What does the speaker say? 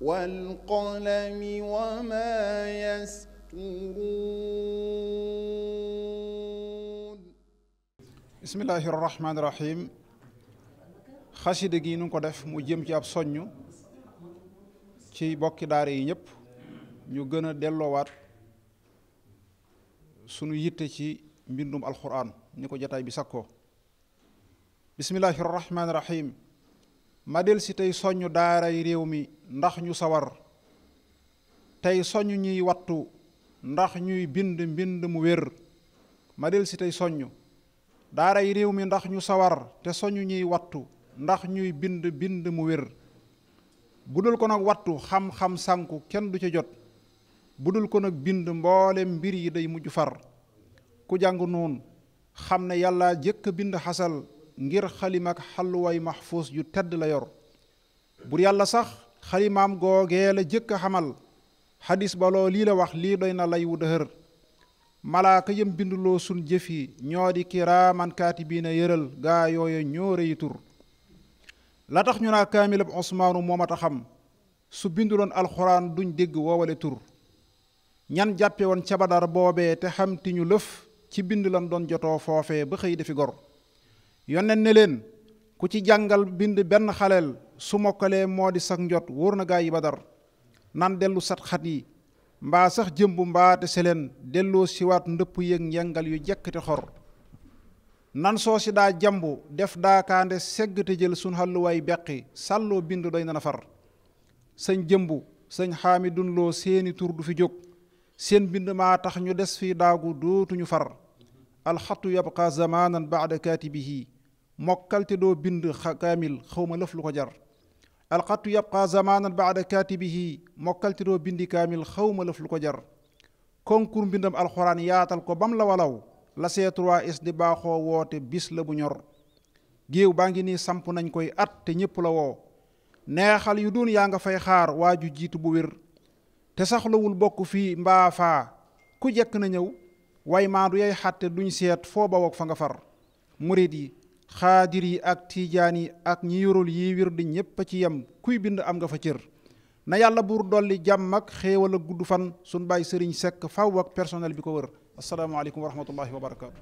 والقلم وما يسطرون بسم الله gi nu ko def mu jëm ci ab soññ ci bokki daara yi ñëpp ñu gën a delloowaat sunu yitte ci mbindum alquran ni ko jataay bi sakkoo bismillahi rahmaani ma del si tey soññ daaray réew mi ndax ñu sawar tey soññ ñuy wattu ndax ñuy bind mbind mu wér ma si tey soññ daaray réew mi ndax ñu sawar te soññ ñuy wattu ndax ñuy bind bind mu wér bu dul ko nag wattu xam-xam sànku kenn du ca jot bu dul ko nag bind mboolem mbir yi day mujj far ku jàng noonu xam ne yàlla jëkk bind xasal ngir xalima ak xalluway maxfuus yu tedd la yor bu yàlla sax xalimaam googee la jëkk a xamal xadis ba loo lii la wax lii doy na lay wu dëhër malaaka yëm binduloo sun jëf yi ñoo di bii kaatibiina yëral gaa yooye ñoo rëyi tur la tax ñu naa kaamil osmaanu moo mat a xam su binduloon alxuraan duñ dégg woowale tur ñan jàppewoon woon ca badar boobee te xamti ñu lëf ci bind lan doon jotoo foofee ba xëy defi gor yonent ne leen ku ci jàngal bind benn xaleel su mokkalee moo di sax njot wóor na gaa yi ba dar nan dellu sat xat yi mbaa sax jëmb mbaa te seleen delloo siwaat ndëpp yëg njengal yu jekkite xor nan soo si daa jambu def daakaande segg te jël sun xalluwaay beqi sàlloo bind doy na na far sëñ jëmbu sëñ xaami dunloo seeni tur du fi jóg seen bind maa tax ñu des fii daagu dootuñu far alxatu yabqa zamanan bi kaatibihi mokkal te doo bind kaamil xaw ma lëf lu ko jar alxattu yabqa zamanan baada bi mokkal te doo bindi kaamil xaw ma lëf lu ko jar concours mbindam alxuraan yaatal ko bam la walaw la C3S di baaxoo woote bis la bu ñor géew baa ngi nii samp nañ koy at te ñépp la woo neexal yu doon yaa nga fay xaar waaju jiitu bu wér te saxlawul bokk fii mbaa ku jekk na ñëw way maa du yay xatte duñ seet foo bawoog fa nga far murit yi xaadir yi ak tiijaan yi ak ñi yorul yi wirdi ñépp a ci yem kuy bind am nga fa cër na yàlla buur dolli jàmm ak xéewal ak gudd fan suñ bàyyi sëriñ sekk faw personnel bi ko wër asalaamaaleykum wa rahmatullahi wa barakaatu